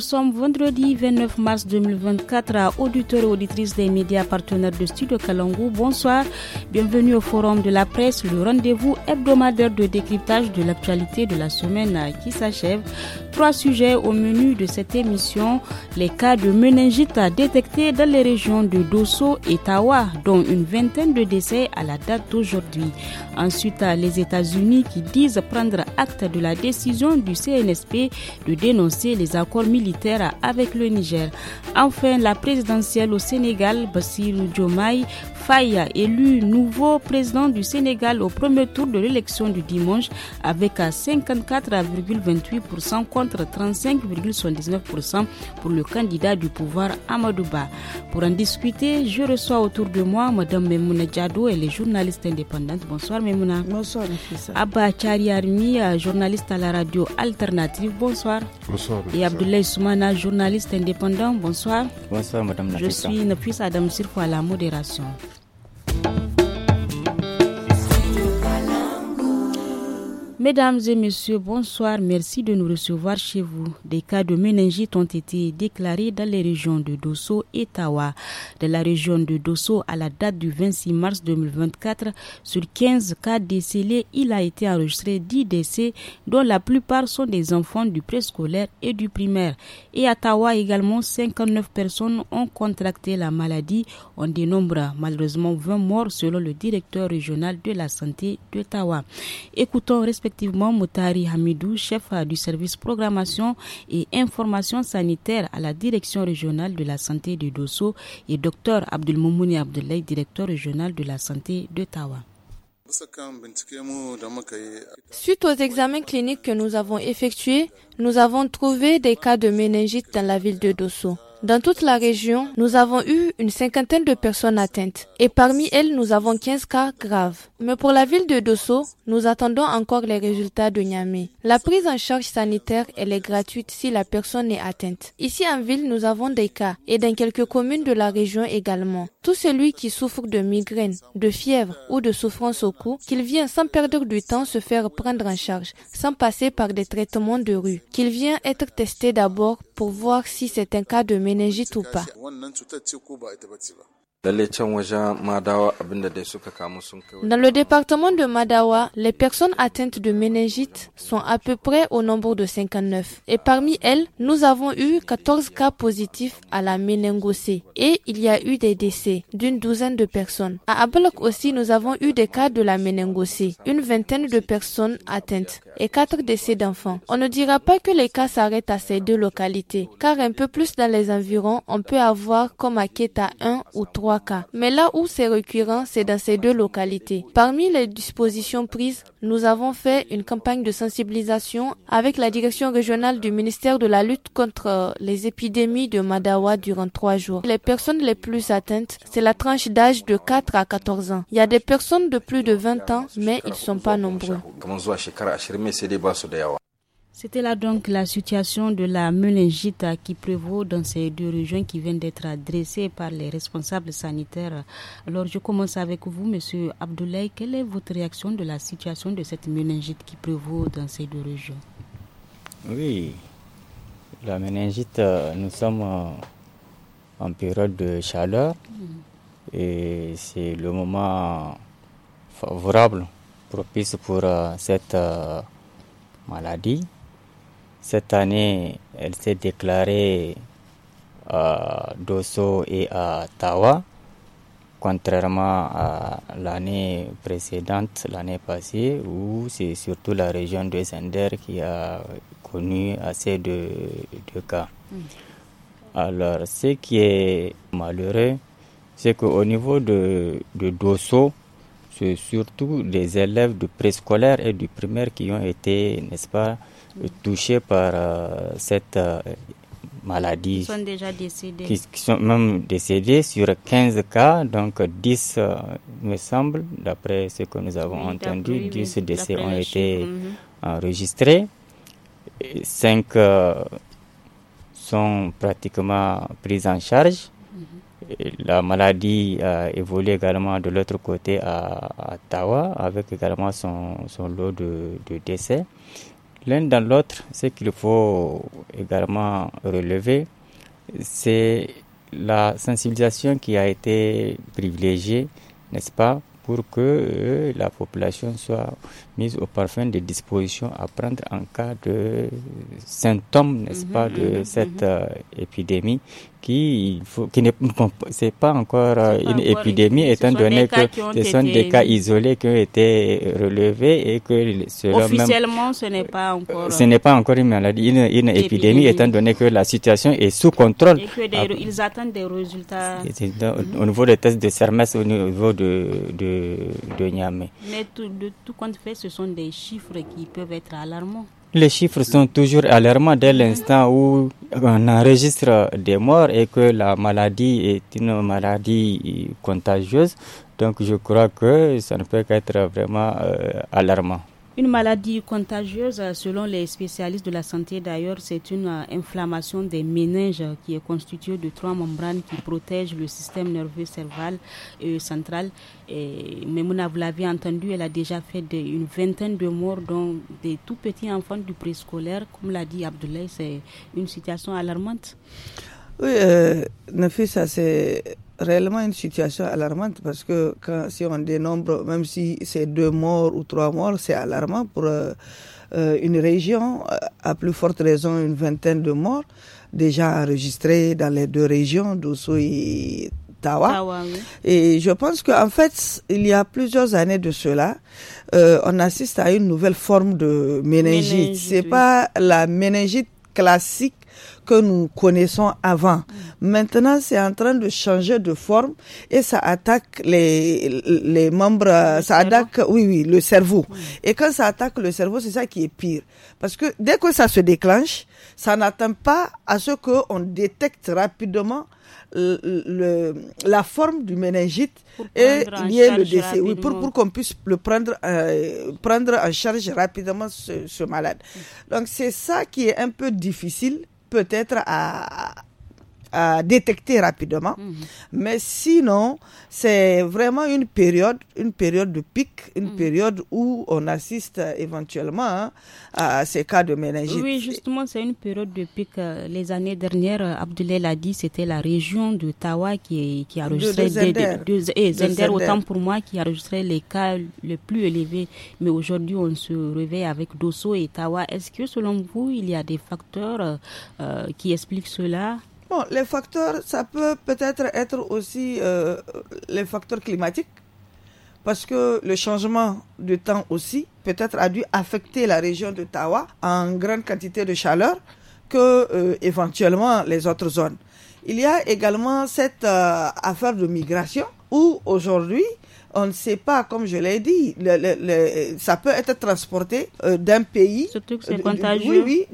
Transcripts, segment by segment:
nous sommes vendredi 29 mars 2024 à auditeurs et auditrices des médias partenaires de Studio Kalongo. Bonsoir, bienvenue au Forum de la presse, le rendez-vous hebdomadaire de décryptage de l'actualité de la semaine qui s'achève. Trois sujets au menu de cette émission. Les cas de méningite détectés dans les régions de Dosso et Tawa, dont une vingtaine de décès à la date d'aujourd'hui. Ensuite, les États-Unis qui disent prendre acte de la décision du CNSP de dénoncer les accords militaires avec le Niger. Enfin, la présidentielle au Sénégal, Bassirou Diomaye Faya élu nouveau président du Sénégal au premier tour de l'élection du dimanche avec 54,28% contre 35,79% pour le candidat du pouvoir Amadouba. Pour en discuter, je reçois autour de moi Mme Memouna Diado, elle est journaliste indépendante. Bonsoir Memouna. Bonsoir Nafisa. Abba Chariarmi, journaliste à la radio alternative. Bonsoir. Bonsoir. Et Abdoulaye Soumana, journaliste indépendant. Bonsoir. Bonsoir Madame Nafisa. Je suis Nafisa Adam Sirko à la modération. you. Mesdames et messieurs, bonsoir. Merci de nous recevoir chez vous. Des cas de méningite ont été déclarés dans les régions de Dosso et Tawa. De la région de Dosso à la date du 26 mars 2024, sur 15 cas décelés, il a été enregistré 10 décès, dont la plupart sont des enfants du préscolaire et du primaire. Et à Tawa également, 59 personnes ont contracté la maladie. On dénombre malheureusement 20 morts selon le directeur régional de la santé de Tawa. Écoutons respectivement Moutari Hamidou, chef du service programmation et information sanitaire à la direction régionale de la santé du Dosso, et Dr Abdelmoumouni Abdoulaye, directeur régional de la santé de Tawa. Suite aux examens cliniques que nous avons effectués, nous avons trouvé des cas de méningite dans la ville de Dosso. Dans toute la région, nous avons eu une cinquantaine de personnes atteintes et parmi elles, nous avons 15 cas graves. Mais pour la ville de Dosso, nous attendons encore les résultats de Niamey. La prise en charge sanitaire, elle est gratuite si la personne est atteinte. Ici en ville, nous avons des cas et dans quelques communes de la région également. Tout celui qui souffre de migraine, de fièvre ou de souffrance au cou, qu'il vient sans perdre du temps se faire prendre en charge, sans passer par des traitements de rue qu'il vient être testé d'abord pour voir si c'est un cas de méningite ou pas. Dans le département de Madawa, les personnes atteintes de méningite sont à peu près au nombre de 59. Et parmi elles, nous avons eu 14 cas positifs à la méningocée. Et il y a eu des décès d'une douzaine de personnes. À Abelok aussi, nous avons eu des cas de la méningocée. Une vingtaine de personnes atteintes et quatre décès d'enfants. On ne dira pas que les cas s'arrêtent à ces deux localités, car un peu plus dans les environs, on peut avoir comme à Keta 1 ou 3 mais là où c'est récurrent, c'est dans ces deux localités. Parmi les dispositions prises, nous avons fait une campagne de sensibilisation avec la direction régionale du ministère de la lutte contre euh, les épidémies de Madawa durant trois jours. Les personnes les plus atteintes, c'est la tranche d'âge de 4 à 14 ans. Il y a des personnes de plus de 20 ans, mais ils ne sont pas nombreux. C'était là donc la situation de la meningite qui prévaut dans ces deux régions qui viennent d'être adressées par les responsables sanitaires. Alors je commence avec vous, Monsieur Abdoulaye. Quelle est votre réaction de la situation de cette meningite qui prévaut dans ces deux régions Oui, la meningite, nous sommes en période de chaleur mm. et c'est le moment favorable, propice pour euh, cette euh, maladie. Cette année, elle s'est déclarée à euh, Dosso et à Tawa, contrairement à l'année précédente, l'année passée, où c'est surtout la région de Sender qui a connu assez de, cas. Mm. Alors, ce qui est malheureux, c'est qu'au niveau de, de Dosso, c'est surtout des élèves du préscolaire et du primaire qui ont été, n'est-ce pas, touchés par euh, cette euh, maladie. Qui sont déjà décédés. Qui, sont même décédés sur 15 cas, donc 10, euh, me semble, d'après ce que nous avons entendu, 10 décès ont été mhm. enregistrés. 5 sont pratiquement pris en charge. Mhm. la maladie a évolué également de l'autre côté à, Tawa, avec également son, lot de décès. L'un dans l'autre, ce qu'il faut également relever, c'est la sensibilisation qui a été privilégiée, n'est-ce pas, pour que euh, la population soit mise au parfum des dispositions à prendre en cas de symptômes, n'est-ce mhm, pas, de mhm, cette mhm. Euh, épidémie qui, qui n'est pas encore euh, une épidémie, étant donné que ce sont des cas isolés qui ont été relevés et que officiellement ce n'est pas encore une maladie, une, épidémie, étant donné que la situation est sous contrôle. Et que ils attendent des résultats. Au niveau des tests de CERMES, au niveau de de, Niamey. Mais tout, de tout compte fait, ce sont des chiffres qui peuvent être alarmants. Les chiffres sont toujours alarmants dès l'instant où on enregistre des morts et que la maladie est une maladie contagieuse. Donc je crois que ça ne peut qu'être vraiment euh, alarmant. Une maladie contagieuse, selon les spécialistes de la santé d'ailleurs, c'est une euh, inflammation des méninges qui est constituée de trois membranes qui protègent le système nerveux cerval et central. Et vous l'avez entendu, elle a déjà fait une vingtaine de morts, dont des tout petits enfants du préscolaire. Comme l'a dit Abdoulaye, c'est une situation alarmante. Oui, euh, ça c'est réellement une situation alarmante parce que quand, si on dénombre, même si c'est deux morts ou trois morts, c'est alarmant pour euh, euh, une région, euh, à plus forte raison une vingtaine de morts déjà enregistrées dans les deux régions, Dosso et Tawa. Et je pense qu'en fait, il y a plusieurs années de cela, on assiste à une nouvelle forme de méningite. C'est pas la méningite classique que nous connaissons avant. Maintenant, c'est en train de changer de forme et ça attaque les, les membres, ça attaque, oui, oui, le cerveau. Et quand ça attaque le cerveau, c'est ça qui est pire. Parce que dès que ça se déclenche, ça n'atteint pas à ce qu'on détecte rapidement le, la forme du méningite et ait le décès. Oui, pour, pour qu'on puisse le prendre, euh, prendre en charge rapidement ce, ce malade. Donc c'est ça qui est un peu difficile peut-être à, à détecter rapidement. Mhm. Mais sinon, c'est vraiment une période, une période de pic, une mhm. période où on assiste éventuellement hein, à ces cas de méningite. Oui, justement, c'est une période de pic. Euh, les années dernières, Abdoulaye l'a dit, c'était la région de Tawa qui, qui a enregistré autant pour moi, qui a enregistré les cas les plus élevés. Mais aujourd'hui, on se réveille avec Dosso et Tawa. Est-ce que selon vous, il y a des facteurs euh, euh, qui expliquent cela Bon, les facteurs, ça peut peut-être être aussi euh, les facteurs climatiques, parce que le changement de temps aussi peut-être a dû affecter la région de Tawa en grande quantité de chaleur que euh, éventuellement les autres zones. Il y a également cette euh, affaire de migration où aujourd'hui on ne sait pas, comme je l'ai dit, ça peut être transporté euh, d'un pays, oui, oui,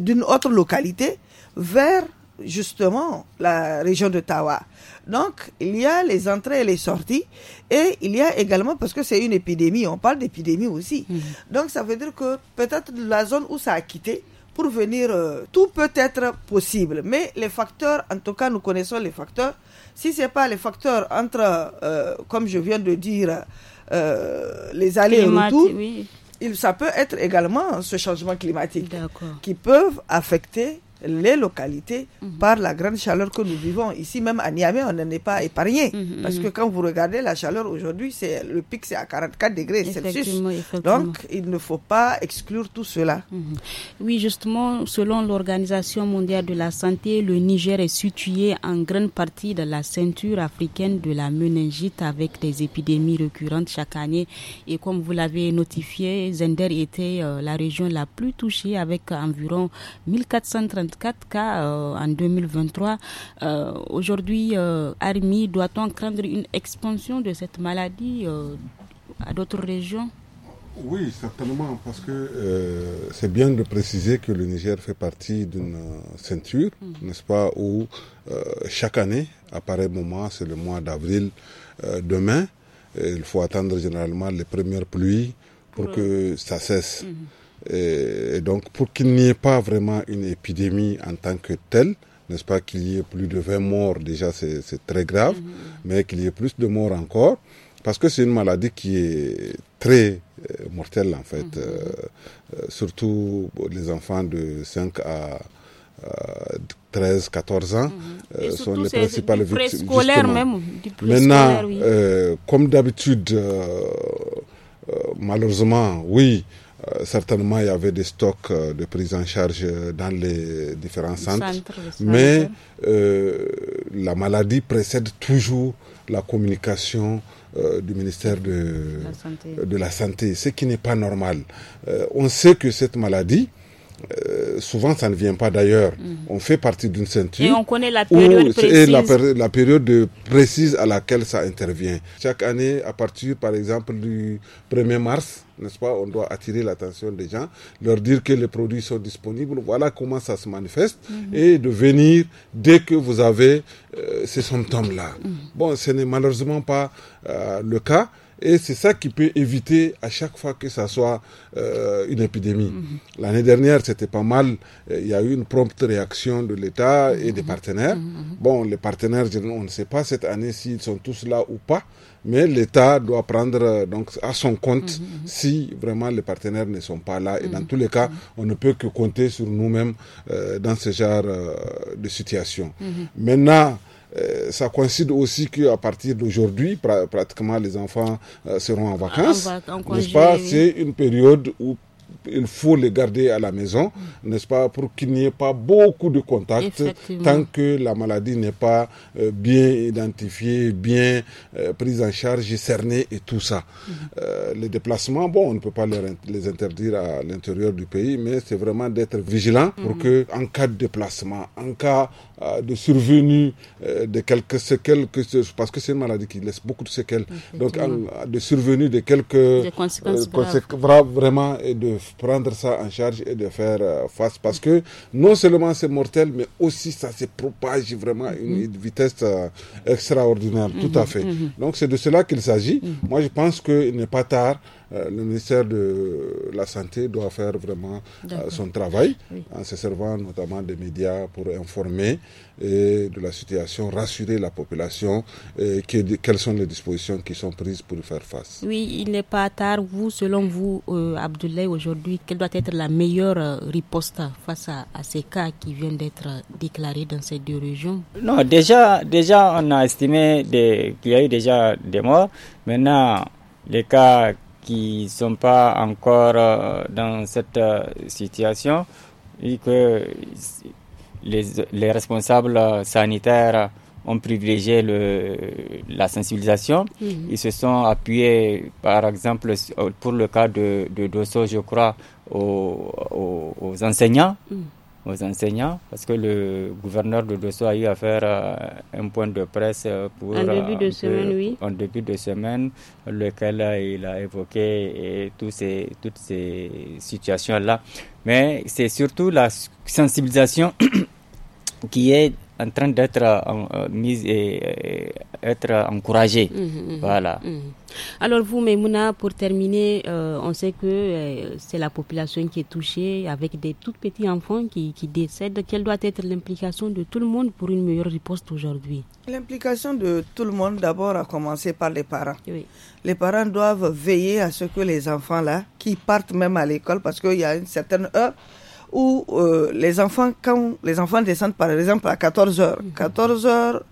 d'une autre localité vers justement la région de Tawa Donc, il y a les entrées et les sorties, et il y a également, parce que c'est une épidémie, on parle d'épidémie aussi. Mhm. Donc, ça veut dire que peut-être la zone où ça a quitté, pour venir, euh, tout peut être possible. Mais les facteurs, en tout cas, nous connaissons les facteurs. Si ce n'est pas les facteurs entre, euh, comme je viens de dire, euh, les allées et retours, oui. ça peut être également ce changement climatique qui peuvent affecter les localités mhm. par la grande chaleur que nous vivons. Ici, même à Niamey, on n'en est pas épargné. Mhm, mhm. parce que quand vous regardez la chaleur aujourd'hui, c'est le pic, c'est à 44 degrés Celsius. Donc, il ne faut pas exclure tout cela. Oui, justement, selon l'Organisation mondiale de la santé, le Niger est situé en grande partie dans la ceinture africaine de la meningite avec des épidémies récurrentes chaque année. Et comme vous l'avez notifié, Zender était euh, la région la plus touchée avec environ 1430 4 cas euh, en 2023. Euh, aujourd'hui, euh, Armi, doit-on craindre une expansion de cette maladie à d'autres régions Oui, certainement, parce que c'est bien de préciser que le Niger fait partie d'une ceinture, mm. n'est-ce pas, où chaque année, à pareil moment, c'est le mois d'avril, demain, il faut attendre généralement les premières pluies pour que ça cesse. Mm-hmm. Et donc, pour qu'il n'y ait pas vraiment une épidémie en tant que telle, n'est-ce pas qu'il y ait plus de 20 morts, déjà c'est très grave, mm-hmm. mais qu'il y ait plus de morts encore, parce que c'est une maladie qui est très euh, mortelle en fait, mm-hmm. euh, euh, surtout les enfants de 5 à 13, 14 ans mm-hmm. sont les principales victimes. Même, Maintenant, comme d'habitude, malheureusement, oui, euh, certainement, il y avait des stocks euh, de prise en charge euh, dans les différents centres, mais la maladie précède toujours la communication du ministère de la santé ce qui n'est pas normal. on sait que cette maladie, euh, souvent ça ne vient pas d'ailleurs. Mhm. On fait partie d'une ceinture. Et on connaît la période précise. la, période précise à laquelle ça intervient. Chaque année, à partir par exemple du 1er mars, n'est-ce pas, on doit attirer l'attention des gens, leur dire que les produits sont disponibles, voilà comment ça se manifeste, mhm. et de venir dès que vous avez euh, ces symptômes-là. Mhm. Bon, ce n'est malheureusement pas euh, le cas. Et c'est ça qui peut éviter à chaque fois que ça soit euh, une épidémie. Mhm. L'année dernière, c'était pas mal. Euh, il y a eu une prompte réaction de l'État et des mhm. partenaires. Mhm. Bon, les partenaires, on ne sait pas cette année s'ils sont tous là ou pas, mais l'État doit prendre euh, donc à son compte si vraiment les partenaires ne sont pas là. Et dans tous les cas, on ne peut que compter sur nous-mêmes dans ce genre de situation. Maintenant, euh, ça coïncide aussi qu'à partir d'aujourd'hui, pratiquement les enfants euh, seront en ah, vacances. pas C'est une période où il faut les garder à la maison, n'est-ce pas, pour qu'il n'y ait pas beaucoup de contacts tant que la maladie n'est pas euh, bien identifiée, bien euh, prise en charge, cernée et tout ça. Mhm. Euh, les déplacements, bon, on ne peut pas les, interdire à l'intérieur du pays, mais c'est vraiment d'être vigilant pour mhm. que, en cas de déplacement, en cas de survenue de quelques séquelles, parce que c'est une maladie qui laisse beaucoup de séquelles, donc de survenue de quelques conséquences vraiment de prendre ça en charge et de faire euh, face parce que non seulement c'est mortel, mais aussi ça se propage vraiment à une mhm. vitesse euh, extraordinaire. Tout à mhm. fait. Mhm. Donc c'est de cela qu'il s'agit. Moi, je pense qu'il n'est pas tard euh, le ministère de la Santé doit faire vraiment euh, son travail en se servant notamment des médias pour informer et de la situation, rassurer la population et quelles sont les dispositions qui sont prises pour y faire face. Oui, il n'est pas tard. Vous, selon vous, euh, Abdoulaye, aujourd'hui, quelle doit être la meilleure riposte face à, ces cas qui viennent d'être déclarés dans ces deux régions Non, déjà, déjà on a estimé qu'il y a eu déjà des morts. Maintenant, les cas qui ne sont pas encore euh, dans cette euh, situation et que les, responsables sanitaires ont privilégié la sensibilisation. Mhm. Ils se sont appuyés, par exemple, pour le cas de, de Dosso, je crois, aux, enseignants. Mhm aux enseignants parce que le gouverneur de Dosso a eu à faire euh, un point de presse euh, pour en début de euh, semaine, oui. en début de semaine, lequel il a évoqué et tous ces, toutes ces situations là. Mais c'est surtout la sensibilisation qui est en train d'être euh, euh, mise et être encouragée. Mhm, mhm, mhm. voilà. Alors vous, Memouna, pour terminer, euh, on sait que c'est la population qui est touchée avec des tout petits enfants qui, décèdent. Quelle doit être l'implication de tout le monde pour une meilleure réponse aujourd'hui L'implication de tout le monde, d'abord, à commencer par les parents. Les parents doivent veiller à ce que les enfants-là, qui partent même à l'école, parce qu'il y a une certaine heure, où euh, les enfants, quand les enfants descendent par exemple à 14 heures, 14 mhm. heures,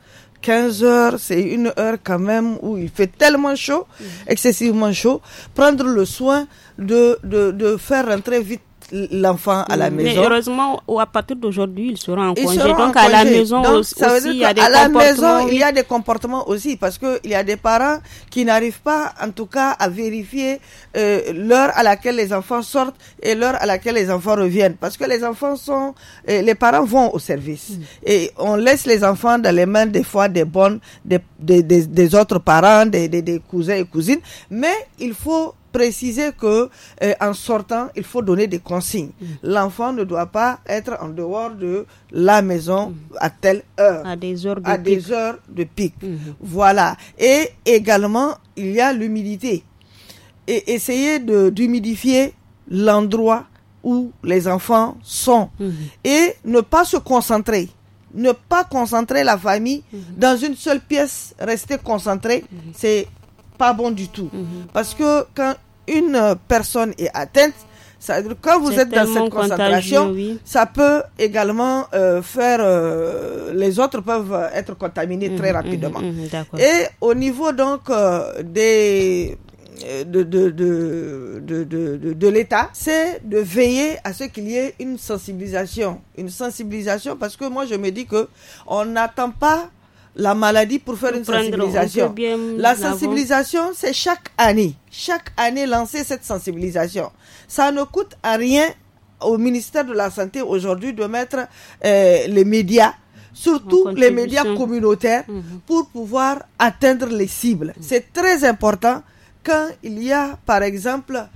15 heures, c'est une heure quand même où il fait tellement chaud, mhm. excessivement chaud, prendre le soin de, de, de faire rentrer vite l'enfant à la mm. maison. Mais heureusement, à partir d'aujourd'hui, il sera en congé. donc, à la maison aussi, il y a des à la maison, il y a des comportements aussi, parce qu'il y a des parents qui n'arrivent pas, en tout cas, à vérifier euh, l'heure à laquelle les enfants sortent et l'heure à laquelle les enfants reviennent. Parce que les enfants sont... Euh, les parents vont au service. Mm. Et on laisse les enfants dans les mains, des fois, des bonnes, des, des, autres parents, des, des cousins et cousines. Mais il faut préciser que euh, en sortant, il faut donner des consignes. Mm. L'enfant ne doit pas être en dehors de la maison mm. à telle heure. À des heures de à pic. Mm-hmm. Voilà. Et également, il y a l'humidité. Et essayer d'humidifier l'endroit où les enfants sont. Mm-hmm. Et ne pas se concentrer ne pas concentrer la famille mm-hmm. dans une seule pièce, rester concentré, c'est pas bon du tout. Mhm. Parce que quand une personne est atteinte, quand vous êtes dans cette concentration, ça peut également euh, faire. Euh, les autres peuvent être contaminés mhm, très rapidement. Mhm, Et au niveau donc euh, des de, de, de l'État, c'est de veiller à ce qu'il y ait une sensibilisation. Une sensibilisation parce que moi je me dis que on n'attend pas la maladie pour faire une sensibilisation. La sensibilisation, c'est chaque année. Chaque année, lancer cette sensibilisation. Ça ne coûte à rien au ministère de la Santé aujourd'hui de mettre euh, les médias surtout les médias communautaires, mhm. pour pouvoir atteindre les cibles. Mhm. C'est très important quand il y a, par exemple, euh,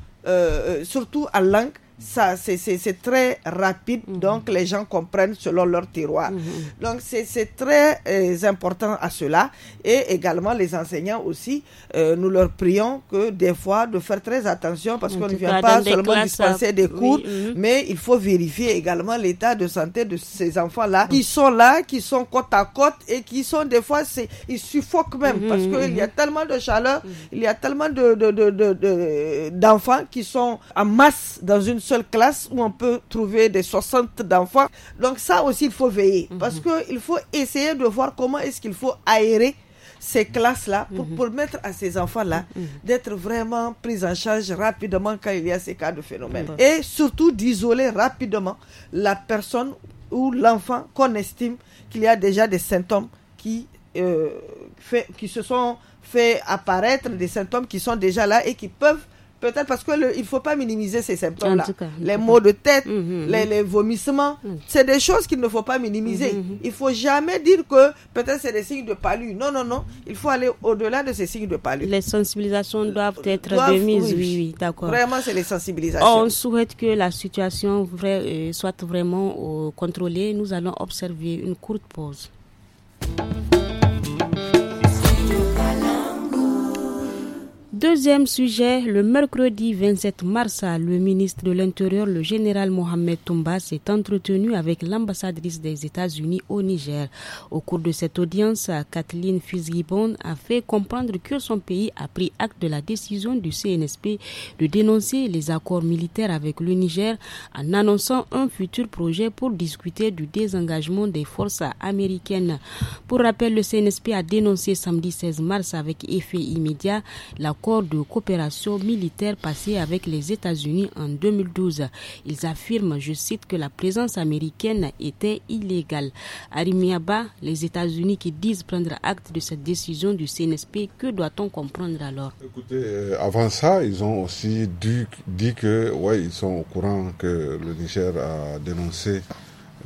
euh, surtout en langue, ça c'est très rapide, mhm. donc les gens comprennent selon leur tiroir. Mhm. Donc c'est très euh, important à cela. Et également les enseignants aussi, euh, nous leur prions que des fois de faire très attention parce qu'on ne vient pas seulement dispenser des cours, mhm. mais il faut vérifier également l'état de santé de ces enfants-là qui sont là, qui sont côte à côte et qui sont des fois, c'est ils suffoquent même parce qu'il y a tellement de chaleur, il y a tellement d'enfants de, de, de, d'enfants qui sont en masse dans une seule classe où on peut trouver des 60 d'enfants. Donc ça aussi, il faut veiller mhm. parce parce qu'il faut essayer de voir comment est-ce qu'il faut aérer ces classes-là pour mhm. permettre à ces enfants-là mhm. d'être vraiment pris en charge rapidement quand il y a ces cas de phénomène. Et surtout d'isoler rapidement la personne ou l'enfant qu'on estime qu'il y a déjà des symptômes qui, euh, fait, qui se sont fait apparaître, des symptômes qui sont déjà là et qui peuvent Peut-être parce qu'il ne faut pas minimiser ces symptômes-là. Les maux de tête, mm-hmm, mm-hmm. les, vomissements, mm-hmm. c'est des choses qu'il ne faut pas minimiser. il ne faut jamais dire que peut-être c'est des signes de palu. Non, non, non. Il faut aller au-delà de ces signes de palu. Les sensibilisations doivent euh, être doivent, oui, oui, d'accord. Vraiment, c'est les sensibilisations. On souhaite que la situation euh, soit vraiment euh, contrôlée. Nous allons observer une courte pause. Deuxième sujet, le mercredi 27 mars, le ministre de l'Intérieur, le général Mohamed Tomba, s'est entretenu avec l'ambassadrice des États-Unis au Niger. Au cours de cette audience, Kathleen Fusgibon a fait comprendre que son pays a pris acte de la décision du CNSP de dénoncer les accords militaires avec le Niger en annonçant un futur projet pour discuter du désengagement des forces américaines. Pour rappel, le CNSP a dénoncé samedi 16 mars avec effet immédiat la accord de coopération militaire passé avec les États-Unis en 2012. Ils affirment, je cite, que la présence américaine était illégale. Arimiaba, les États-Unis qui disent prendre acte de cette décision du CNSP, que doit-on comprendre alors Écoutez, euh, avant ça, ils ont aussi dit que, ouais, ils sont au courant que le Niger a dénoncé,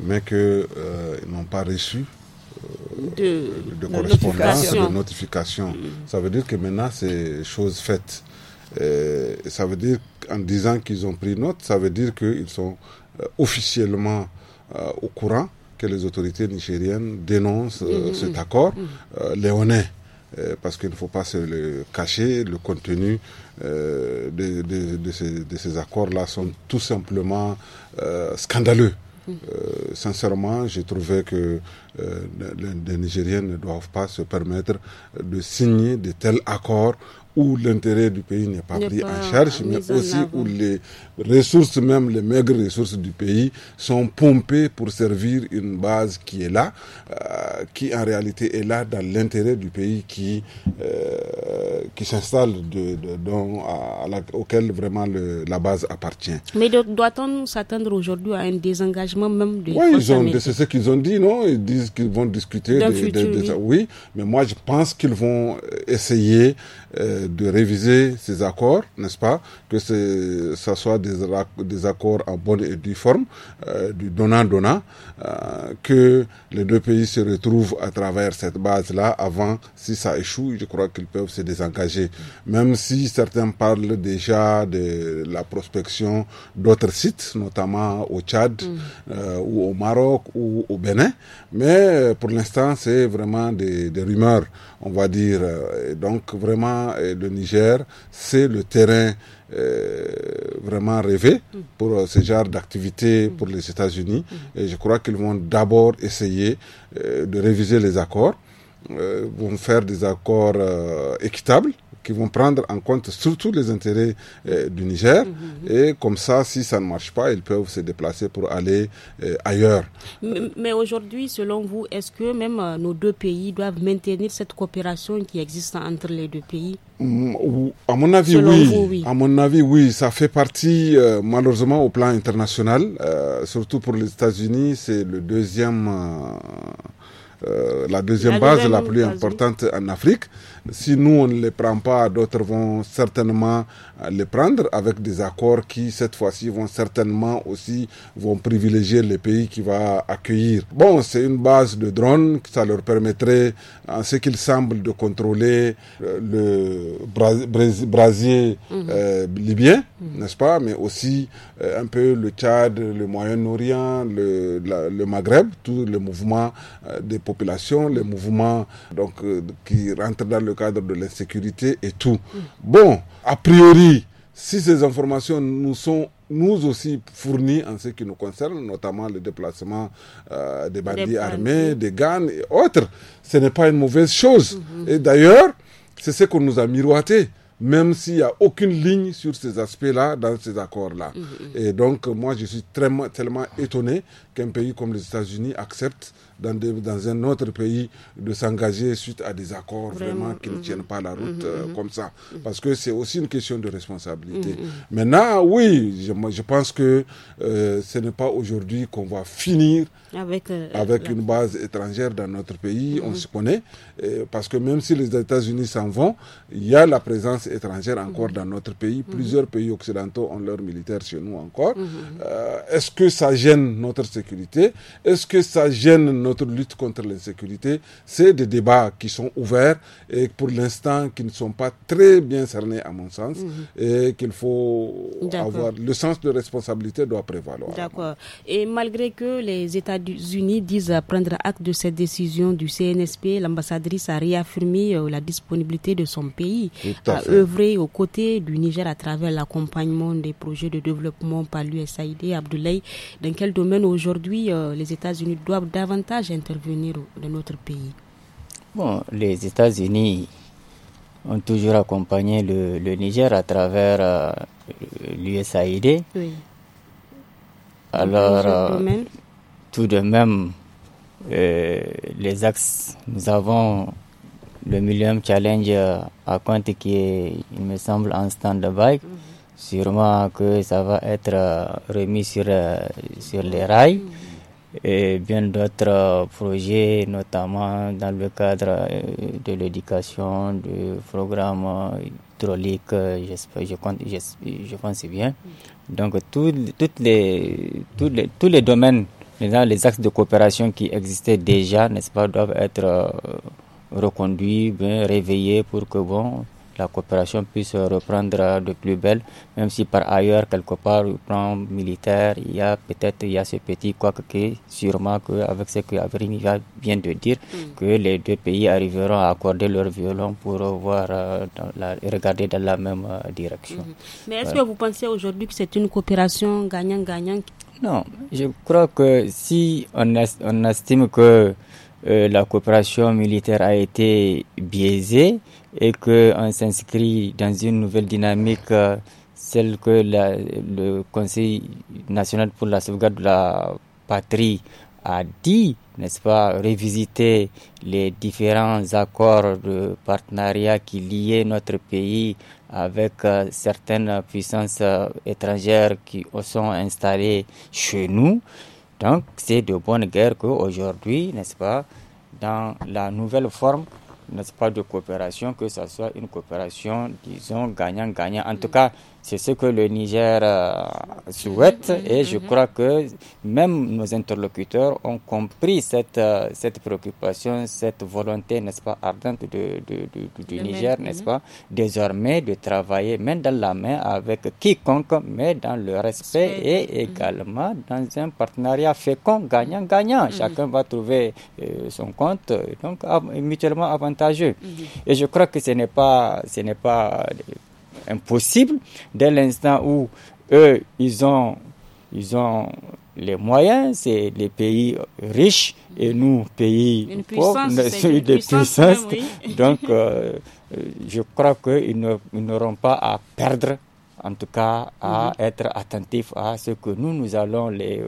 mais qu'ils euh, n'ont pas reçu de, correspondance, de notification. Ça veut dire que maintenant, c'est chose faite. Euh, ça veut dire, en disant qu'ils ont pris note, ça veut dire qu'ils sont euh, officiellement euh, au courant que les autorités nigériennes dénoncent mhm. cet accord mmh. léonin. parce qu'il ne faut pas se le cacher, le contenu de, ces accords-là sont tout simplement scandaleux. Euh, sincèrement, j'ai trouvé que euh, les, Nigériens ne doivent pas se permettre de signer de tels accords où l'intérêt du pays n'est pas pris en charge, mais aussi où les ressources, même les maigres ressources du pays, sont pompées pour servir une base qui est là, euh, qui en réalité est là dans l'intérêt du pays qui, euh, qui s'installe auquel vraiment la base appartient. Mais doit-on s'attendre aujourd'hui à un désengagement même de Oui, c'est ce qu'ils ont dit, non Ils disent qu'ils vont discuter. oui, mais moi je pense qu'ils vont essayer euh, de réviser ces accords, n'est-ce pas Que ce ça soit des, des, accords en bonne et due forme, euh, du donnant-donnant, euh, que les deux pays se retrouvent à travers cette base-là avant, si ça échoue, je crois qu'ils peuvent se désengager. Même si certains parlent déjà de la prospection d'autres sites, notamment au Tchad mm. ou au Maroc ou au Bénin, mais pour l'instant, c'est vraiment des, rumeurs, on va dire. donc, vraiment, et le Niger, c'est le terrain euh, vraiment rêvé pour euh, ce genre d'activité pour les États-Unis. Et je crois qu'ils vont d'abord essayer euh, de réviser les accords, vont faire des accords équitables qui vont prendre en compte surtout les intérêts euh, du Niger. Mhm. Et comme ça, si ça ne marche pas, ils peuvent se déplacer pour aller euh, ailleurs. Mais, aujourd'hui, selon vous, est-ce que même euh, nos deux pays doivent maintenir cette coopération qui existe entre les deux pays mm, à mon avis, oui. À mon avis, oui. Ça fait partie, malheureusement, au plan international. surtout pour les États-Unis, c'est la deuxième base la plus importante en Afrique si nous on ne les prend pas, d'autres vont certainement les prendre avec des accords qui, cette fois-ci, vont certainement aussi vont privilégier les pays qui va accueillir. Bon, c'est une base de drones, ça leur permettrait, en ce qu'il semble, de contrôler euh, le brasier mhm. euh, libyen, n'est-ce pas, mais aussi euh, un peu le Tchad, le Moyen-Orient, le, Maghreb, tous les mouvements des populations, les mouvements donc, qui rentrent dans le cadre de l'insécurité et tout. Mhm. Bon, a priori, si ces informations nous sont nous aussi fournies en ce qui nous concerne, notamment le déplacement euh, des bandits armés, des gangs et autres, ce n'est pas une mauvaise chose. Mhm. Et d'ailleurs, c'est ce qu'on nous a miroité même s'il n'y a aucune ligne sur ces aspects-là dans ces accords-là. Mhm. Et donc, moi, je suis très, tellement étonné qu'un pays comme les États-Unis accepte dans, un autre pays de s'engager suite à des accords vraiment, qui ne mm-hmm. tiennent pas la route mm-hmm. Euh, mm-hmm. comme ça. Parce que c'est aussi une question de responsabilité. Maintenant, oui, je, je pense que euh, ce n'est pas aujourd'hui qu'on va finir avec, euh, avec une base étrangère dans notre pays, on mhm. se connaît, parce que même si les États-Unis s'en vont, il y a la présence étrangère encore mhm. dans notre pays. Mhm. Plusieurs pays occidentaux ont leurs militaires chez nous encore. Euh, est-ce que ça gêne notre sécurité Est-ce que ça gêne notre lutte contre l'insécurité C'est des débats qui sont ouverts et pour l'instant qui ne sont pas très bien cernés à mon sens et qu'il faut avoir. Le sens de responsabilité doit prévaloir. D'accord. Et malgré que les États États-Unis disent prendre acte de cette décision du CNSP, l'ambassadrice a réaffirmé euh, la disponibilité de son pays à, œuvrer aux côtés du Niger à travers l'accompagnement des projets de développement par l'USAID. Abdoulaye, dans quel domaine aujourd'hui euh, les États-Unis doivent davantage intervenir dans notre pays Bon, les États-Unis ont toujours accompagné le, Niger à travers euh, l'USAID. Oui. Alors, tout de même, euh, les axes, nous avons le Millennium Challenge euh, à compte qui est, il me semble, en stand-by. Mhm. Sûrement que ça va être euh, remis sur, sur les rails. Mhm. Et bien d'autres projets, notamment dans le cadre de l'éducation, du programme hydraulique, je, compte, je, je pense bien. Mhm. Donc, toutes les, tous les domaines les axes de coopération qui existaient déjà, n'est-ce pas, doivent être euh, reconduits, réveillés pour que bon, la coopération puisse reprendre de plus belle, même si par ailleurs, quelque part, au plan militaire, il y a peut-être il y ce petit quoi que sûrement avec ce que Avril vient de dire, mm. que les deux pays arriveront à accorder leur violon pour voir, euh, la, regarder dans la même euh, direction. Mm-hmm. Mais est-ce que vous pensez aujourd'hui que c'est une coopération gagnant-gagnant non, je crois que si on, estime que euh, la coopération militaire a été biaisée et qu'on s'inscrit dans une nouvelle dynamique, euh, celle que la, le Conseil national pour la sauvegarde de la patrie a dit, n'est-ce pas, révisiter les différents accords de partenariat qui liaient notre pays avec euh, certaines puissances euh, étrangères qui sont installées chez nous. Donc c'est de bonne guerre qu'aujourd'hui, n'est-ce pas, dans la nouvelle forme, n'est-ce pas, de coopération, que ce soit une coopération, disons, gagnant-gagnant. En tout mm. cas, c'est ce que le Niger euh, souhaite mm-hmm. et je mm-hmm. crois que même nos interlocuteurs ont compris cette, euh, cette préoccupation, cette volonté, n'est-ce pas, ardente du Niger, n'est-ce mm-hmm. pas, désormais de travailler main dans la main avec quiconque, mais dans le respect et également dans un partenariat fécond, gagnant-gagnant. Chacun va trouver euh, son compte, donc mutuellement avantageux. Et je crois que ce n'est pas, ce n'est pas impossible dès l'instant où eux, ils ont, ils ont les moyens, c'est les pays riches et nous, pays pauvres, c'est des puissances. Puissance. Donc, euh, euh, je crois qu'ils n'auront pas à perdre, en tout cas, à mhm. être attentifs à ce que nous, nous allons les,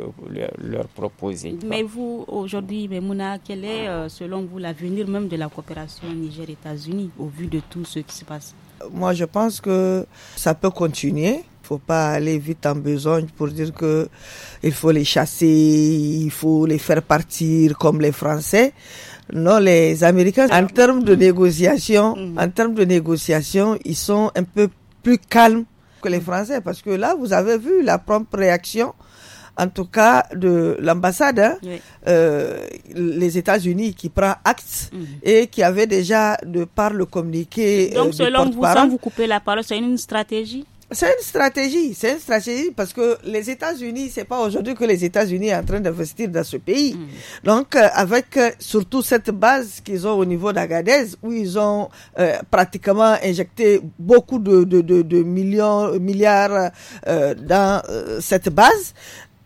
leur proposer. Mais vous, aujourd'hui, Mouna, quel est, euh, selon vous, l'avenir même de la coopération Niger-États-Unis au vu de tout ce qui se passe moi, je pense que ça peut continuer. Il faut pas aller vite en besogne pour dire que il faut les chasser, il faut les faire partir comme les Français. Non, les Américains, en termes de négociation, mhm. en termes de négociation, ils sont un peu plus calmes que les Français parce que là, vous avez vu la propre réaction en tout cas de l'ambassade, hein, euh, les États-Unis qui prend acte mhm. et qui avait déjà, de par le communiqué. Euh, Donc, selon vous, sans vous couper la parole, c'est une stratégie c'est une stratégie, c'est une stratégie parce que les États-Unis, c'est pas aujourd'hui que les États-Unis sont en train d'investir dans ce pays. Mhm. Donc, euh, avec surtout cette base qu'ils ont au niveau d'Agadez, où ils ont pratiquement injecté beaucoup de, de millions, milliards dans cette base,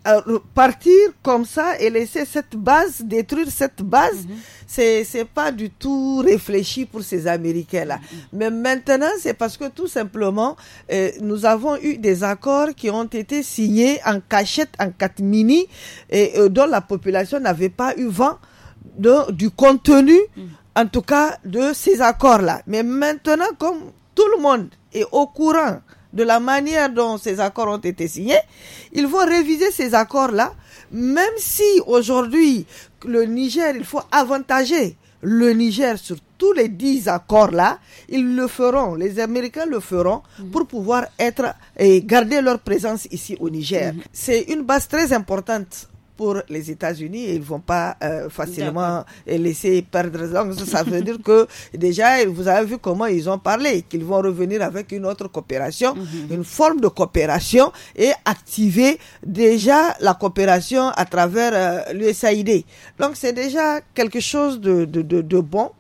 euh, partir comme ça et laisser cette base, détruire cette base, mhm. ce c'est pas du tout réfléchi pour ces Américains-là. Mhm. Mais maintenant, c'est parce que tout simplement, euh, nous avons eu des accords qui ont été signés en cachette, en catmini, et euh, dont la population n'avait pas eu vent de, du contenu, mhm. en tout cas, de ces accords-là. Mais maintenant, comme tout le monde est au courant de la manière dont ces accords ont été signés, il faut réviser ces accords-là, même si aujourd'hui le Niger, il faut avantager le Niger sur tous les dix accords-là, ils le feront, les Américains le feront mm-hmm. pour pouvoir être et garder leur présence ici au Niger. Mm-hmm. C'est une base très importante pour les États-Unis ils ils vont pas euh, facilement laisser perdre. Donc ça veut dire que déjà, vous avez vu comment ils ont parlé, qu'ils vont revenir avec une autre coopération, mhm. une forme de coopération et activer déjà la coopération à travers euh, l'USAID. Donc c'est déjà quelque chose de, de, de, de bon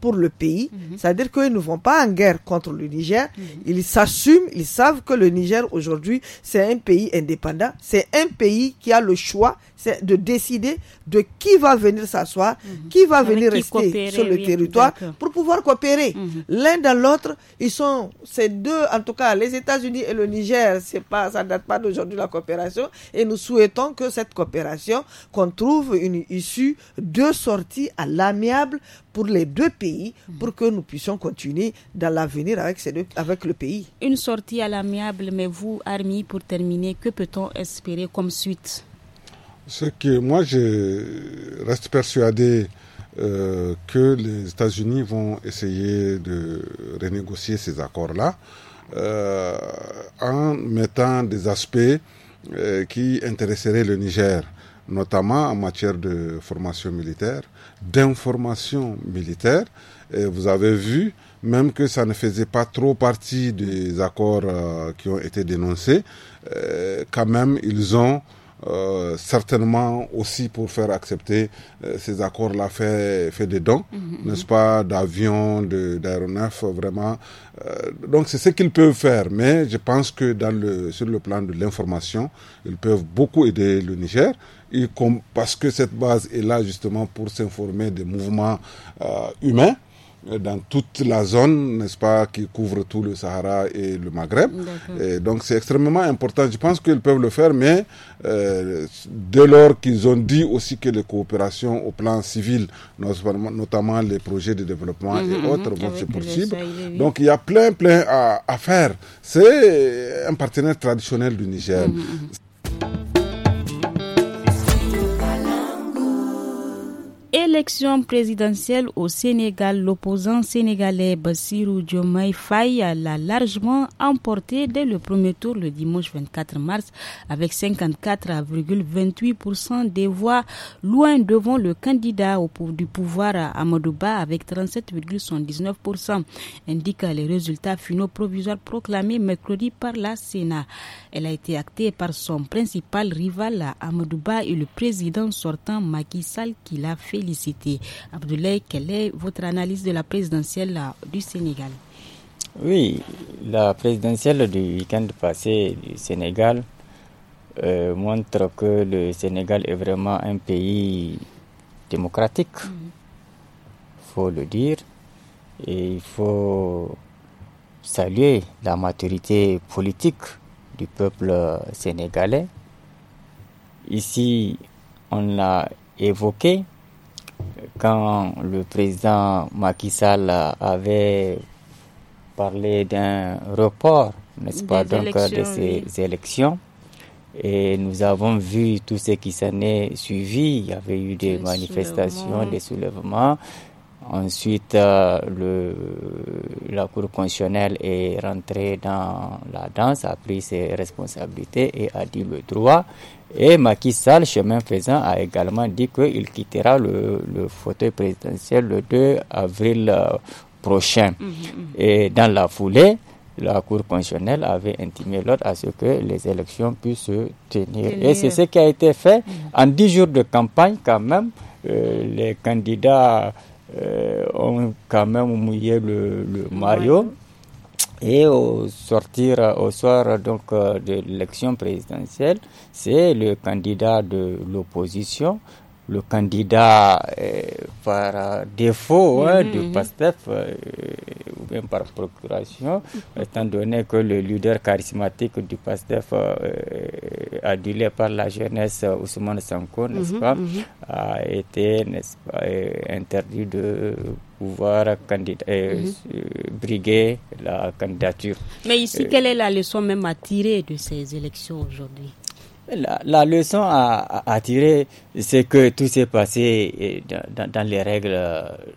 pour le pays. Mhm. C'est-à-dire qu'ils ne vont pas en guerre contre le Niger. Mhm. Ils s'assument, ils savent que le Niger aujourd'hui, c'est un pays indépendant. C'est un pays qui a le choix de décider de qui va venir s'asseoir, mhm. qui va venir rester sur le territoire pour pouvoir coopérer. L'un dans l'autre, ils sont ces deux, en tout cas, les États-Unis et le Niger, c'est pas, ça date pas d'aujourd'hui la coopération. Et nous souhaitons que cette coopération, qu'on trouve une issue de sortie à l'amiable pour les deux pays Mhm. pour que nous puissions continuer dans l'avenir avec, avec le pays. Une sortie à l'amiable, mais vous, Armi, pour terminer, que peut-on espérer comme suite Ce que moi, je reste persuadé euh, que les États-Unis vont essayer de renégocier ces accords-là euh, en mettant des aspects euh, qui intéresseraient le Niger notamment en matière de formation militaire, d'information militaire. Et vous avez vu même que ça ne faisait pas trop partie des accords euh, qui ont été dénoncés, euh, quand même ils ont euh, certainement aussi pour faire accepter ces accords-là fait, des dons, mhm. n'est-ce pas, d'avions, d'aéronefs, vraiment. donc c'est ce qu'ils peuvent faire, mais je pense que sur le plan de l'information, ils peuvent beaucoup aider le Niger parce que cette base est là justement pour s'informer des mouvements euh, humains euh, dans toute la zone, n'est-ce pas, qui couvre tout le Sahara et le Maghreb. Et donc c'est extrêmement important. Je pense qu'ils peuvent le faire, mais euh, dès lors qu'ils ont dit aussi que les coopérations au plan civil, notamment les projets de développement et mhm, mhm, autres, vont être possibles. Donc il y a plein, plein à, faire. C'est un partenaire traditionnel du Niger. Mhm, élection présidentielle au Sénégal, l'opposant sénégalais Bassirou Diomaye Faye l'a largement emporté dès le premier tour le dimanche 24 mars avec 54,28% des voix, loin devant le candidat au, du pouvoir Amadouba avec 37,79%, indique les résultats finaux provisoires proclamés mercredi par la Sénat. Elle a été actée par son principal rival Amadouba et le président sortant Macky Sall qui l'a fait féliciter. Abdoulaye, quelle est votre analyse de la présidentielle euh, du Sénégal Oui, la présidentielle du week-end passé du Sénégal euh, montre que le Sénégal est vraiment un pays démocratique. Il mm-hmm. faut le dire. Et il faut saluer la maturité politique du peuple sénégalais. Ici, on l'a évoqué, quand le président Macky Sall avait parlé d'un report, n'est-ce pas, donc de ces élections, et nous avons vu tout ce qui s'en est suivi. Il y avait eu des, manifestations, des soulèvements. Ensuite, euh, la Cour constitutionnelle est rentrée dans la danse, a pris ses responsabilités et a dit le droit. Et Macky Sall, chemin faisant, a également dit qu'il quittera le, fauteuil présidentiel le 2 avril euh, prochain. Mhm, mhm. Et dans la foulée, la Cour constitutionnelle avait intimé l'ordre à ce que les élections puissent se tenir. Et c'est ce qui a été fait. Mhm. En dix jours de campagne, quand même, euh, les candidats euh, ont quand même mouillé le, le maillot. Et au sortir, au soir donc euh, de l'élection présidentielle, c'est le candidat de l'opposition, le candidat euh, par défaut hein, mhm, du mhm. PASTEF, euh, ou bien par procuration, mhm. étant donné que le leader charismatique du PASTEF, adulé par la jeunesse Ousmane Sanko, n'est-ce pas, a été interdit de pouvoir euh, mhm. euh, briguer la candidature. Mais ici, euh, quelle est la leçon même à tirer de ces élections aujourd'hui la, leçon à, tirer, c'est que tout s'est passé dans, les règles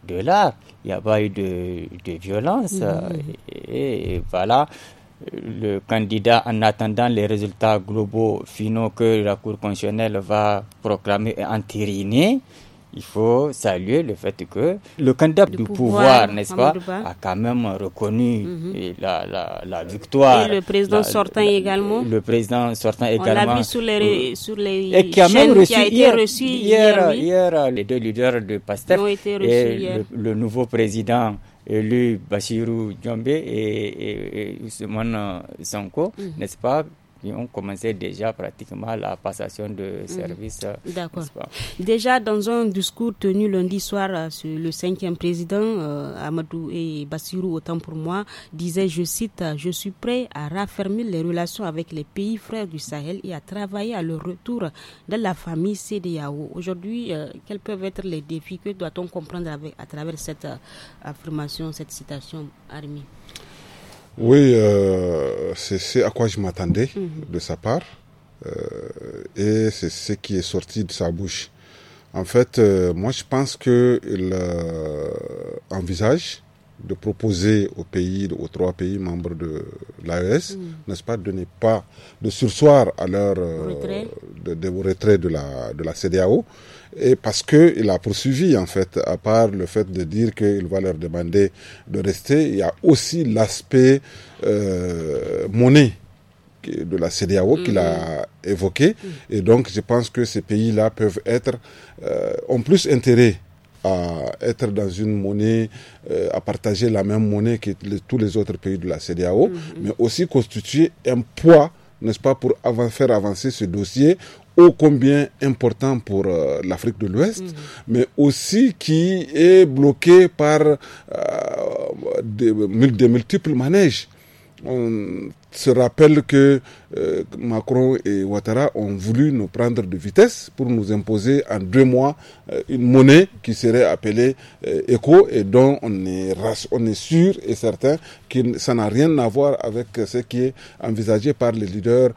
de l'art. Il n'y a pas eu de, violence. Mhm. Et, voilà, le candidat, en attendant les résultats globaux finaux que la Cour constitutionnelle va proclamer et entériner, il faut saluer le fait que le candidat du, pouvoir, n'est-ce pas, a quand même reconnu mhm. la, la, victoire. Et le président sortant également. Le président sortant également. On l'a vu sur les, euh, sur les et qui a même été hier, reçu hier, hier, les deux leaders de PASTEF et Le, nouveau président élu Bashiru Djombe et, et, Ousmane Sanko, mhm. n'est-ce pas, on commençait déjà pratiquement la passation de mhm. services. D'accord. Déjà, dans un discours tenu lundi soir sur euh, le cinquième président, euh, Amadou et Bassirou, autant pour moi, disait, je cite, Je suis prêt à raffermir les relations avec les pays frères du Sahel et à travailler à leur retour de la famille CDAO. Aujourd'hui, euh, quels peuvent être les défis Que doit-on comprendre avec, à travers cette affirmation, cette citation, armée oui, euh, c'est à quoi je m'attendais mhm. de sa part euh, et c'est ce qui est sorti de sa bouche. En fait, euh, moi je pense qu'il envisage de proposer aux pays, aux trois pays membres de l'AES, mhm. n'est-ce pas, de ne pas, de sursoir à leur retrait. De, de, retrait de la, de la CDAO et parce qu'il a poursuivi en fait, à part le fait de dire qu'il va leur demander de rester, il y a aussi l'aspect euh, monnaie de la CDAO qu'il a mm. évoqué. Mm. Et donc, je pense que ces pays-là peuvent être, en euh, ont plus intérêt à être dans une monnaie, euh, à partager la même monnaie que tous les autres pays de la CDAO, mm-hmm. mais aussi constituer un poids n'est-ce pas, pour faire avancer ce dossier ô combien important pour euh, l'Afrique de l'Ouest, mhm. mais aussi qui est bloqué par euh, des, multiples manèges. Euh, se rappelle que euh, Macron et Ouattara ont voulu nous prendre de vitesse pour nous imposer en deux mois euh, une monnaie qui serait appelée euh, ECO et dont on est, on est sûr et certain que ça n'a rien à voir avec ce qui est envisagé par les leaders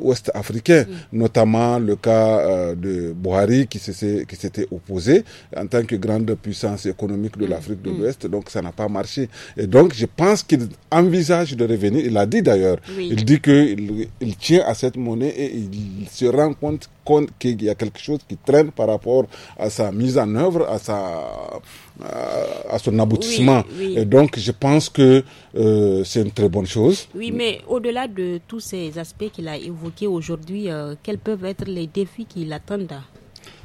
ouest-africains, notamment le cas de Buhari qui s'était opposé en tant que grande puissance économique de mm. l'Afrique de mm. l'Ouest. Donc ça n'a pas marché. Et donc je pense qu'il envisage de revenir. Il a dit d'ailleurs. Il dit qu'il il tient à cette monnaie et il se rend compte qu'il y a quelque chose qui traîne par rapport à sa mise en œuvre, à sa à son aboutissement. donc, je pense que euh, c'est une très bonne chose. Oui, mais au-delà de tous ces aspects qu'il a évoqués aujourd'hui, euh, quels peuvent être les défis qui l'attendent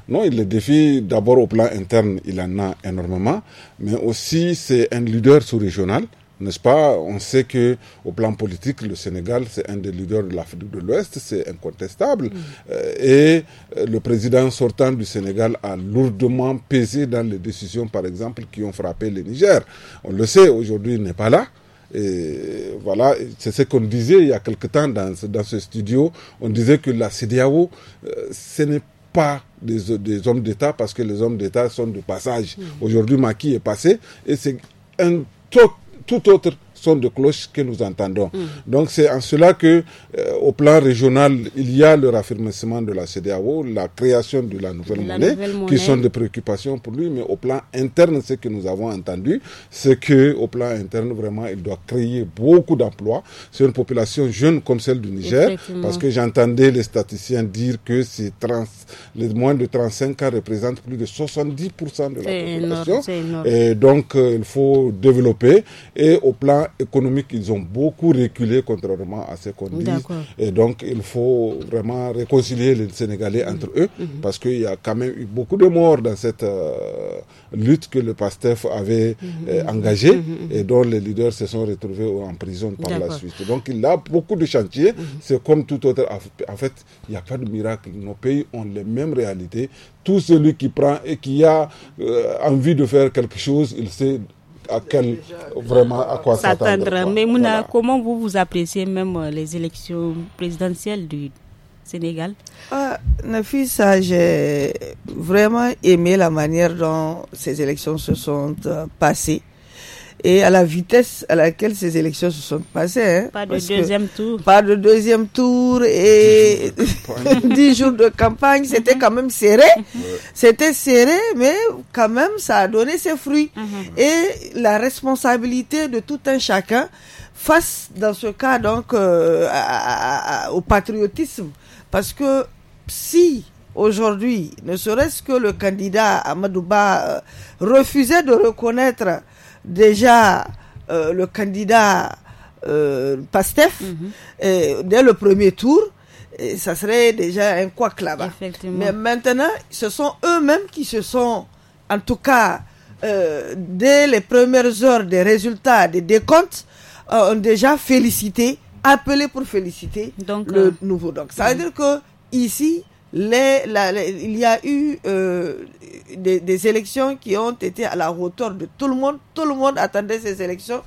non, les défis, d'abord au plan interne, il en a énormément, mais aussi c'est un leader sous-régional n'est-ce pas On sait que au plan politique, le Sénégal, c'est un des leaders de l'Afrique de l'Ouest, c'est incontestable. Euh, et euh, le président sortant du Sénégal a lourdement pesé dans les décisions, par exemple, qui ont frappé le Niger. On le sait, aujourd'hui, il n'est pas là. Et voilà, c'est ce qu'on disait il y a quelque temps dans ce, dans ce studio. On disait que la CDAO, euh, ce n'est pas des, hommes d'État parce que les hommes d'État sont de passage. Hmm. Aujourd'hui, Maki est passé et c'est un truc tudo outro. de cloche que nous entendons. Mm. Donc c'est en cela que, euh, au plan régional, il y a le raffermissement de la CDAO, la création de la nouvelle, monnaie, qui sont des préoccupations pour lui, mais au plan interne, ce que nous avons entendu, c'est que au plan interne, vraiment, il doit créer beaucoup d'emplois sur une population jeune comme celle du Niger, parce que j'entendais les statisticiens dire que les moins de 35 ans représentent plus de 70% de la population. Et donc, euh, il faut développer. Et au plan économique, ils ont beaucoup reculé contrairement à ce qu'on dit. Et donc, il faut vraiment réconcilier les Sénégalais mm-hmm. entre eux mm-hmm. parce qu'il y a quand même eu beaucoup de morts dans cette euh, lutte que le PASTEF avait mm-hmm. euh, engagée et dont les leaders se sont retrouvés en prison par la suite. Donc, il a beaucoup de chantiers. C'est comme tout autre. En fait, il n'y a pas de miracle. Nos pays ont les mêmes réalités. Tout celui qui prend et qui a euh, envie de faire quelque chose, il sait à quel, vraiment à quoi s'attendre. Mais Mouna, comment vous vous appréciez même euh, les élections présidentielles du Sénégal ah, ça, j'ai vraiment aimé la manière dont ces élections se sont euh, passées et à la vitesse à laquelle ces élections se sont passées. Hein, pas de deuxième tour. Pas de deuxième tour et dix jours de campagne, c'était quand même serré. C'était serré, mais quand même, ça a donné ses fruits. Mhm. Et la responsabilité de tout un chacun face, dans ce cas, donc, euh, au patriotisme. Parce que si aujourd'hui, ne serait-ce que le candidat Amadouba euh, refusait de reconnaître déjà euh, le candidat euh, Pastef, mhm. euh, dès le premier tour, ça serait déjà un couac là Mais maintenant, ce sont eux-mêmes qui se sont, en tout cas, dès les premières heures des résultats des décomptes, ont déjà félicité, appelé pour féliciter le nouveau. Donc, ça veut mhm. dire que ici, il y a eu euh, des, des, élections qui ont été à la hauteur de tout le monde. Tout le monde attendait ces élections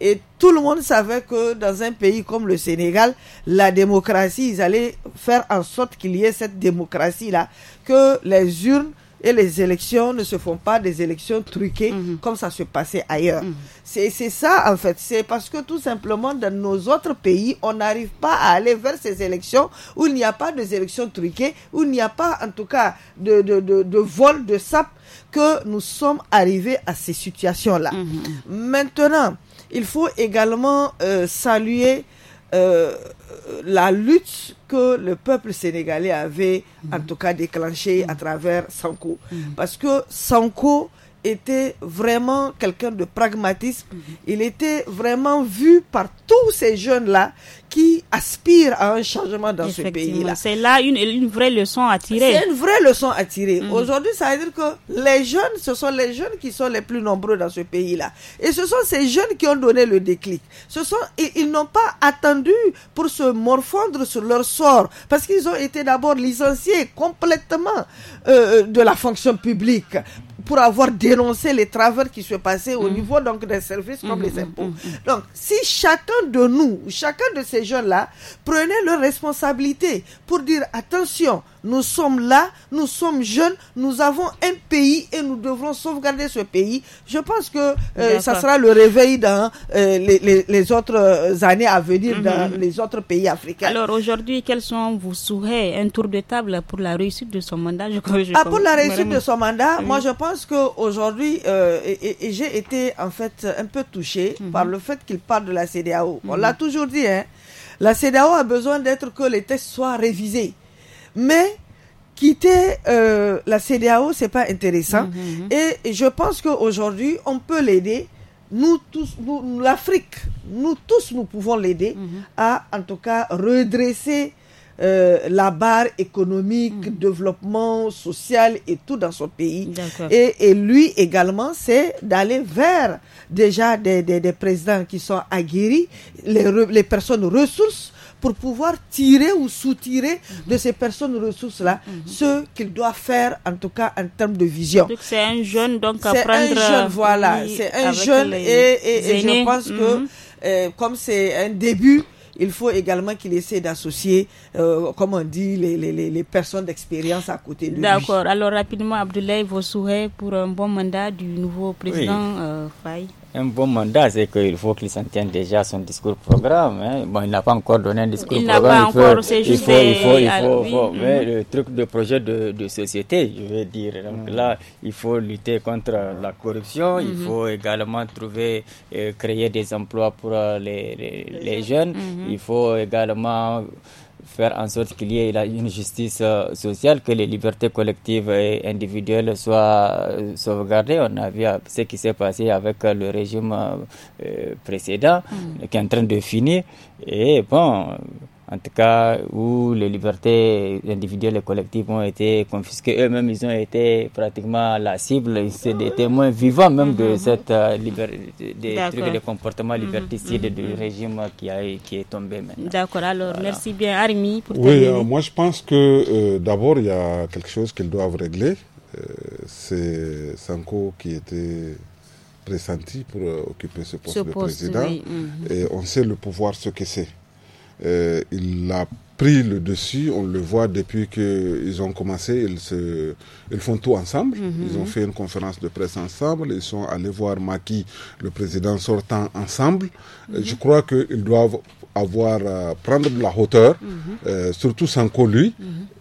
et tout le monde savait que dans un pays comme le Sénégal, la démocratie, ils allaient faire en sorte qu'il y ait cette démocratie-là, que les urnes et les élections ne se font pas des élections truquées mhm. comme ça se passait ailleurs. Mhm. C'est ça, en fait. C'est parce que tout simplement, dans nos autres pays, on n'arrive pas à aller vers ces élections où il n'y a pas de élections truquées, où il n'y a pas, en tout cas, de, de, de, vol de sap que nous sommes arrivés à ces situations-là. Mhm. Maintenant, il faut également euh, saluer euh, la lutte que le peuple sénégalais avait en mhm. tout cas déclenchée à travers Sanko. Mhm. Parce que Sanko était vraiment quelqu'un de pragmatisme. Mhm. Il était vraiment vu par tous ces jeunes-là qui aspirent à un changement dans ce pays-là. C'est là une, une, vraie leçon à tirer. C'est une vraie leçon à tirer. Mhm. Aujourd'hui, ça veut dire que les jeunes, ce sont les jeunes qui sont les plus nombreux dans ce pays-là. Et ce sont ces jeunes qui ont donné le déclic. Ce sont, ils, ils n'ont pas attendu pour se morfondre sur leur sort parce qu'ils ont été d'abord licenciés complètement euh, euh, de la fonction publique pour avoir dénoncé les travers qui se passaient au mm. niveau des services comme mm, les mm, impôts. Donc, si chacun de nous, chacun de ces jeunes-là, prenait leur responsabilité pour dire attention, nous sommes là, nous sommes jeunes, nous avons un pays et nous devrons sauvegarder ce pays. Je pense que euh, ça sera le réveil dans euh, les, autres euh, années à venir dans mhm. les autres pays africains. Alors aujourd'hui, quels sont vos souhaits Un tour de table pour la réussite de son mandat ah, Pour la réussite de son mandat, moi je pense qu'aujourd'hui, et, j'ai été en fait un peu touché mhm. par le fait qu'il parle de la CDAO. On mhm. l'a toujours dit, hein, la CDAO a besoin d'être que les tests soient révisés. Mais quitter euh, la CDAO, c'est pas intéressant. Mm-hmm, mm-hmm. Et je pense qu'aujourd'hui, on peut l'aider. Nous tous, l'Afrique, nous tous, nous pouvons l'aider mm-hmm. à, en tout cas, redresser euh, la barre économique, développement social et tout dans son pays. Et, lui également, c'est d'aller vers déjà des, présidents qui sont aguerris, les personnes ressources pour pouvoir tirer ou soutirer de ces personnes ressources-là mhm. ce qu'il doit faire, en tout cas en termes de vision. C'est un jeune, donc à C'est un jeune, voilà. C'est un jeune et, je pense que, mhm. euh, comme c'est un début, il faut également qu'il essaie d'associer, euh, comme on dit, les, les, les personnes d'expérience à côté de lui. D'accord. Alors rapidement, Abdoulaye, vos souhaits pour un bon mandat du nouveau président oui. Euh, Faye un bon mandat, c'est qu'il faut qu'il tienne déjà son discours programme. Hein. Bon, il n'a pas encore donné un discours il programme. il, faut, il, faut, il faut, il faut, faut, le truc de projet de, société, je veux dire. Donc mhm. là, il faut lutter contre la corruption. Il mhm. faut également trouver, euh, créer des emplois pour euh, les, les, les, jeunes. Mhm. Il faut également faire en sorte qu'il y ait une justice euh, sociale, que les libertés collectives et individuelles soient euh, sauvegardées. On a vu euh, ce qui s'est passé avec le régime précédent, mm. qui est en train de finir. Et bon, en tout cas où les libertés individuelles et collectives ont été confisquées. Eux-mêmes, ils ont été pratiquement la cible, c'est des témoins vivants même de mhm. cette euh, comportement mhm. liberté, des du mhm. régime qui, a, qui est tombé D'accord, alors merci bien Armi pour Oui, euh, moi je pense que euh, d'abord il y a quelque chose qu'ils doivent régler. c'est Sanko qui était pressenti pour occuper ce poste, de président. Et on sait le pouvoir, ce que c'est. Euh, il a pris le dessus. On le voit depuis qu'ils ont commencé. Ils, se, ils font tout ensemble. Mhm. Ils ont fait une conférence de presse ensemble. Ils sont allés voir Maki, le président sortant, ensemble. Euh, mhm. Je crois qu'ils doivent avoir euh, prendre de la hauteur, mhm. surtout sans lui,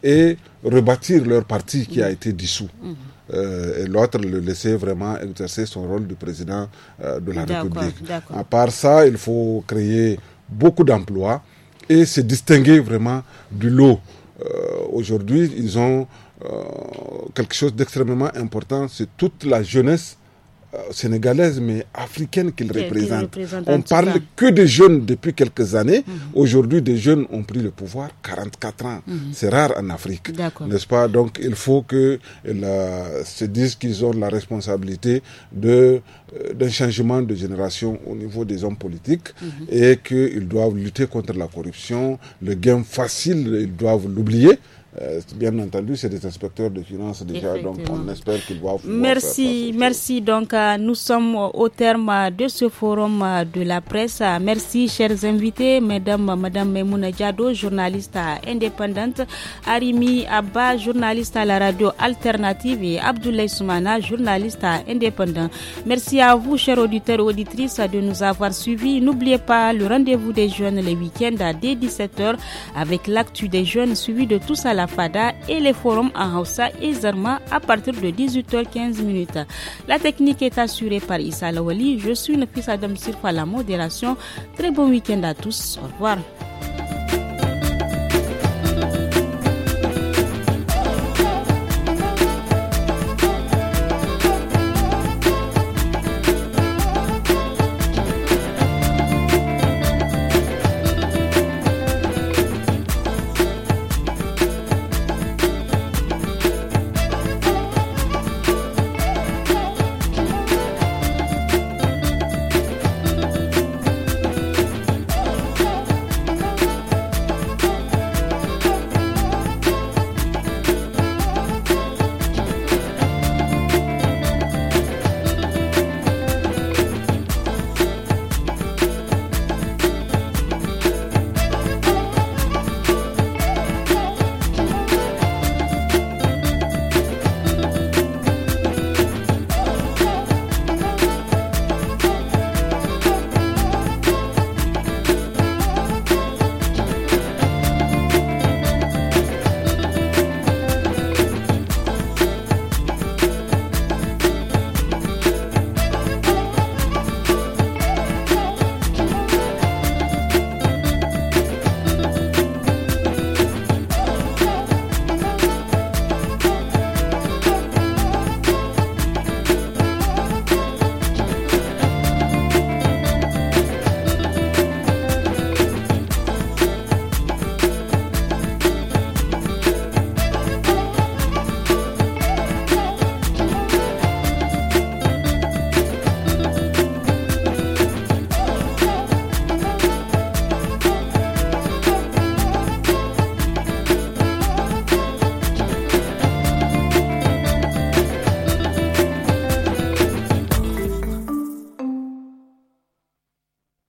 et rebâtir leur parti qui a été dissous. et l'autre le laisser vraiment exercer son rôle de président de la République. À part ça, il faut créer beaucoup d'emplois et se distinguer vraiment du lot. Euh, aujourd'hui, ils ont euh, quelque chose d'extrêmement important, c'est toute la jeunesse euh, sénégalaise, mais africaine qu'il représentent. représente. On parle que des jeunes depuis quelques années. Mhm. Aujourd'hui, des jeunes ont pris le pouvoir, 44 ans. Mhm. C'est rare en Afrique, n'est-ce pas Donc, il faut que se disent qu'ils ont la responsabilité de euh, d'un changement de génération au niveau des hommes politiques mhm. et qu'ils doivent lutter contre la corruption, le gain facile, ils doivent l'oublier. Euh, bien entendu, c'est des inspecteurs de finances déjà, donc on espère qu'ils vont. Merci, merci. Donc, euh, nous sommes au terme euh, de ce forum de la presse. Merci, chers invités, mesdames, madame Memouna Diado, journaliste indépendante, Arimi Abba, journaliste à la radio alternative, et Abdoulaye Soumana, journaliste indépendant. Merci à vous, chers auditeurs et auditrices, de nous avoir suivis. N'oubliez pas le rendez-vous des jeunes le week-ends dès 17h avec l'actu des jeunes suivi de tous à la FADA et les forums en Hausa et Zarma à partir de 18h15. La technique est assurée par Issa Lawali. Je suis Nafis Adam Sirfa, la modération. Très bon week-end à tous. Au revoir.